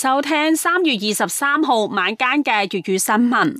收聽三月二十三號晚間嘅粵語新聞。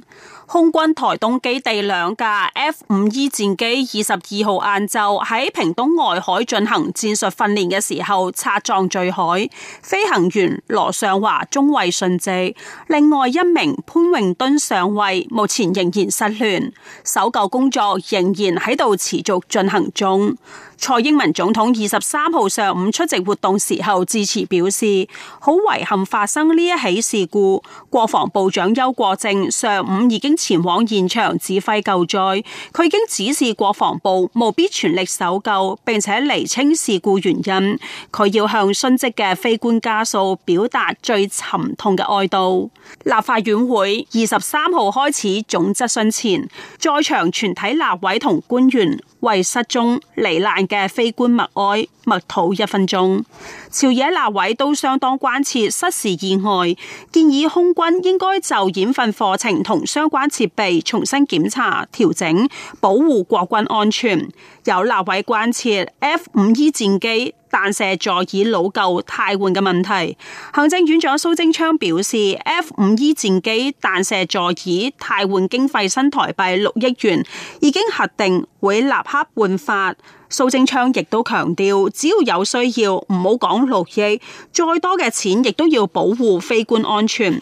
空軍台東基地兩架 F-5E 戰機二十二號晏晝喺屏東外海進行戰術訓練嘅時候擦撞墜海，飛行員羅尚華中尉殉職，另外一名潘榮敦上尉目前仍然失聯，搜救工作仍然喺度持續進行中。蔡英文總統二十三號上午出席活動時候致辭表示，好遺憾發生呢一起事故。國防部長邱國正上午已經前往現場指揮救災，佢已經指示國防部務必全力搜救，並且厘清事故原因。佢要向殉職嘅飛官家屬表達最沉痛嘅哀悼。立法院會二十三號開始總質詢前，在場全體立委同官員。為失蹤罹難嘅飛官默哀，默禱一分鐘。朝野立委都相當關切失事意外，建議空軍應該就演訓課程同相關設備重新檢查、調整，保護國軍安全。有立委關切 F 五 E 戰機彈射座椅老舊汰換嘅問題。行政院長蘇貞昌表示，F 五 E 戰機彈射座椅汰換經費新台幣六億元已經核定。會立刻換發。蘇貞昌亦都強調，只要有需要，唔好講六億，再多嘅錢亦都要保護飛官安全。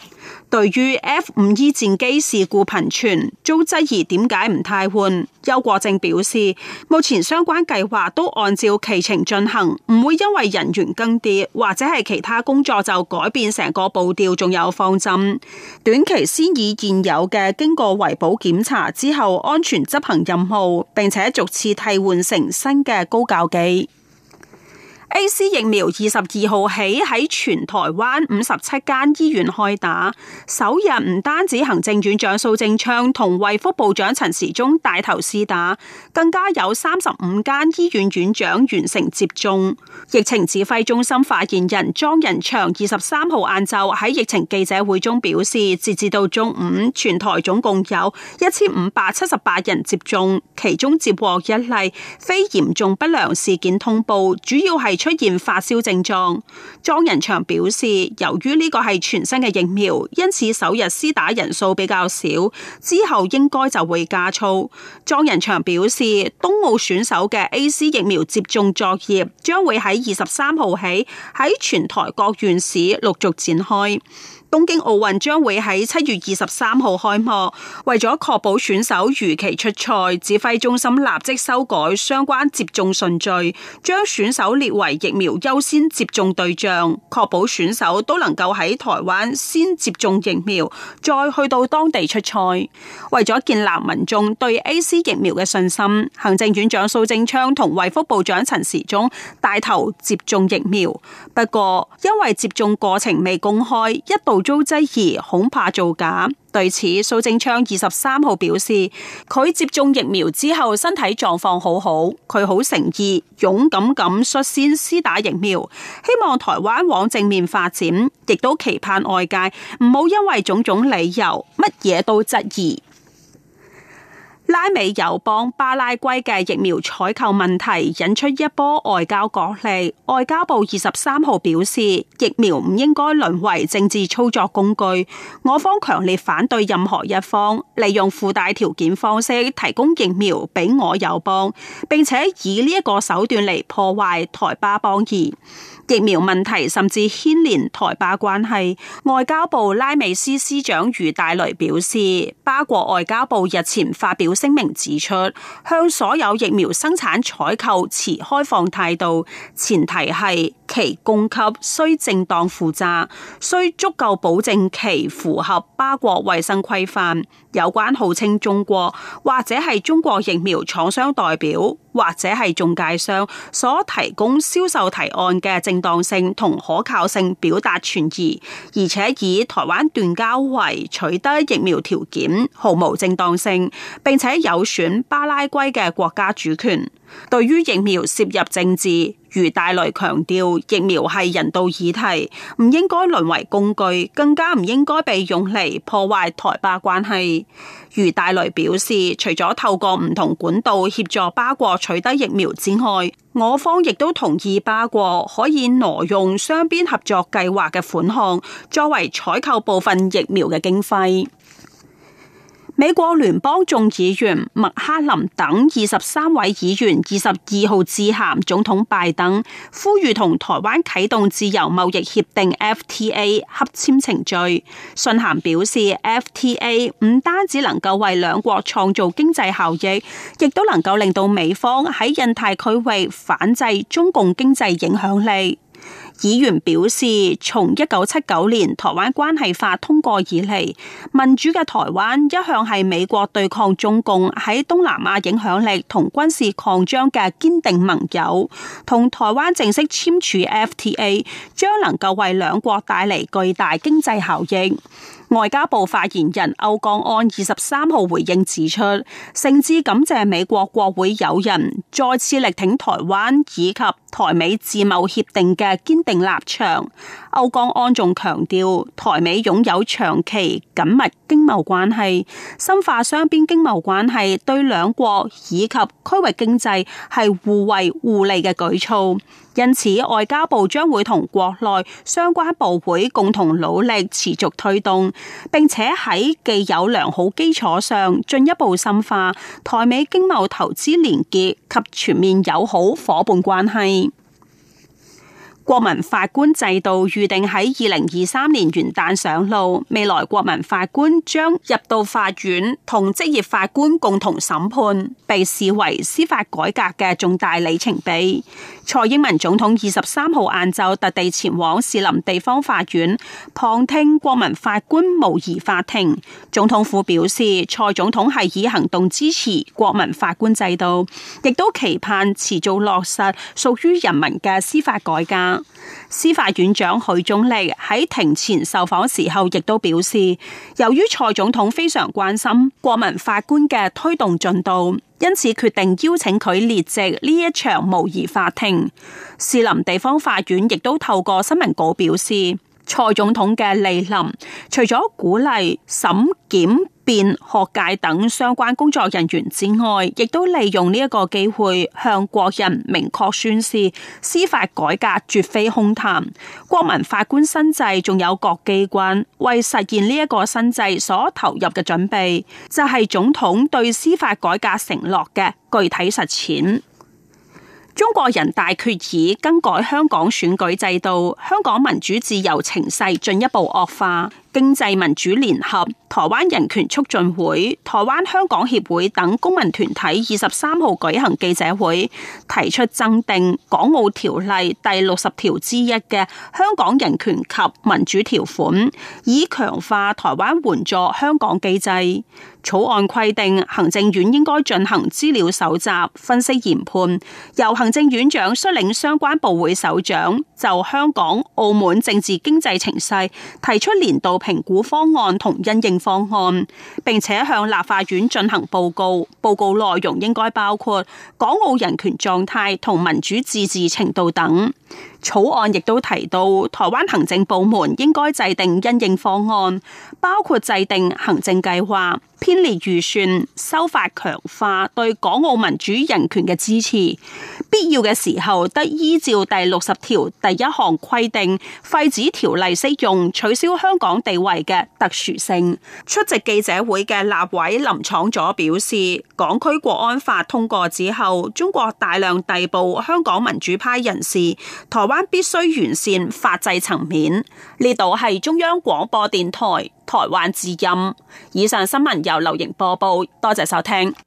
對於 F 五 E 戰機事故頻傳，遭質疑點解唔汰換？邱國正表示，目前相關計劃都按照期程進行，唔會因為人員更迭或者係其他工作就改變成個步調，仲有方針。短期先以現有嘅經過維保檢查之後安全執行任務，並。並且逐次替換成新嘅高教機。AZ 疫苗二十二號起喺全台灣五十七間醫院開打，首日唔單止行政院長蘇貞昌同衛福部長陳時中帶頭試打，更加有三十五間醫院院長完成接種。疫情指揮中心發言人莊人祥二十三號晏晝喺疫情記者會中表示，截至到中午，全台總共有一千五百七十八人接種，其中接獲一例非嚴重不良事件通報，主要係。出現發燒症狀，莊仁祥表示，由於呢個係全新嘅疫苗，因此首日施打人數比較少，之後應該就會加粗。莊仁祥表示，東奧選手嘅 AZ 疫苗接種作業將會喺二十三號起喺全台各縣市陸續展開。東京奧運將會喺七月二十三號開幕，為咗確保選手如期出賽，指揮中心立即修改相關接種順序，將選手列為疫苗優先接種對象，確保選手都能夠喺台灣先接種疫苗，再去到當地出賽。為咗建立民眾對 AZ 疫苗嘅信心，行政院長蘇貞昌同衛福部長陳時中帶頭接種疫苗。不過，因為接種過程未公開，一度，遭質疑恐怕造假，對此蘇貞昌二十三號表示：佢接種疫苗之後身體狀況好好，佢好誠意，勇敢咁率先施打疫苗，希望台灣往正面發展，亦都期盼外界唔好因為種種理由乜嘢都質疑。拉美友邦巴拉圭嘅疫苗採購問題，引出一波外交角力。外交部二十三號表示，疫苗唔應該淪為政治操作工具，我方強烈反對任何一方利用附帶條件方式提供疫苗俾我友邦，並且以呢一個手段嚟破壞台巴邦誼。疫苗問題甚至牽連台巴關係，外交部拉美司司長余大雷表示，巴國外交部日前發表聲明指出，向所有疫苗生產採購持開放態度，前提係，其供給需正當負責，需足夠保證其符合巴國衛生規範。有關號稱中國或者係中國疫苗廠商代表或者係中介商所提供銷售提案嘅正當性同可靠性表達存疑，而且以台灣斷交為取得疫苗條件，毫無正當性，並且有損巴拉圭嘅國家主權。對於疫苗涉入政治。余大雷強調，疫苗係人道議題，唔應該淪為工具，更加唔應該被用嚟破壞台巴關係。余大雷表示，除咗透過唔同管道協助巴國取得疫苗之外，我方亦都同意巴國可以挪用雙邊合作計劃嘅款項，作為採購部分疫苗嘅經費。美國聯邦眾議員麥克林等二十三位議員二十二號致函總統拜登，呼籲同台灣啟動自由貿易協定 FTA 洽簽程序。信函表示，FTA 唔單止能夠為兩國創造經濟效益，亦都能夠令到美方喺印太區域反制中共經濟影響力。議員表示，從一九七九年台灣關係法通過以嚟，民主嘅台灣一向係美國對抗中共喺東南亞影響力同軍事擴張嘅堅定盟友。同台灣正式簽署 FTA 將能夠為兩國帶嚟巨大經濟效益。外交部發言人歐江安二十三號回應指出，誠摯感謝美國國會友人再次力挺台灣以及台美自貿協定嘅堅定立場，歐江安仲強調，台美擁有長期緊密經貿關係，深化雙邊經貿關係對兩國以及區域經濟係互惠互利嘅舉措。因此，外交部將會同國內相關部會共同努力，持續推動，並且喺既有良好基礎上進一步深化台美經貿投資連結及全面友好伙伴關係。國民法官制度預定喺二零二三年元旦上路，未來國民法官將入到法院同職業法官共同審判，被視為司法改革嘅重大里程碑。蔡英文總統二十三號晏晝特地前往士林地方法院旁聽國民法官模擬法庭。總統府表示，蔡總統係以行動支持國民法官制度，亦都期盼持續落實屬於人民嘅司法改革。司法院長許宗力喺庭前受訪時候，亦都表示，由於蔡總統非常關心國民法官嘅推動進度，因此決定邀請佢列席呢一場模擬法庭。士林地方法院亦都透過新聞稿表示，蔡總統嘅莅臨，除咗鼓勵審檢變學界等相關工作人員之外，亦都利用呢一個機會向國人明確宣示，司法改革絕非空談。國民法官新制仲有各機關為實現呢一個新制所投入嘅準備，就係總統對司法改革承諾嘅具體實踐。中國人大決議更改香港選舉制度，香港民主自由情勢進一步惡化。經濟民主聯合、台灣人權促進會、台灣香港協會等公民團體二十三號舉行記者會，提出增訂《港澳條例》第六十條之一嘅香港人權及民主條款，以強化台灣援助香港機制。草案規定，行政院應該進行資料搜集、分析研判，由行政院長率領相關部會首長就香港、澳門政治經濟情勢提出年度評估方案同因應方案，並且向立法院進行報告。報告內容應該包括港澳人權狀態同民主自治程度等。.草案亦都提到，台灣行政部門應該制定因應方案，包括制定行政計劃、編列預算、修法強化對港澳民主人權嘅支持，必要嘅時候得依照第六十條第一項規定廢止條例適用，取消香港地位嘅特殊性。出席記者會嘅立委林昶佐表示。港區國安法通過之後，中國大量逮捕香港民主派人士。台灣必須完善法制層面。呢度係中央廣播電台台灣之音。以上新聞由劉瑩播報，多謝收聽。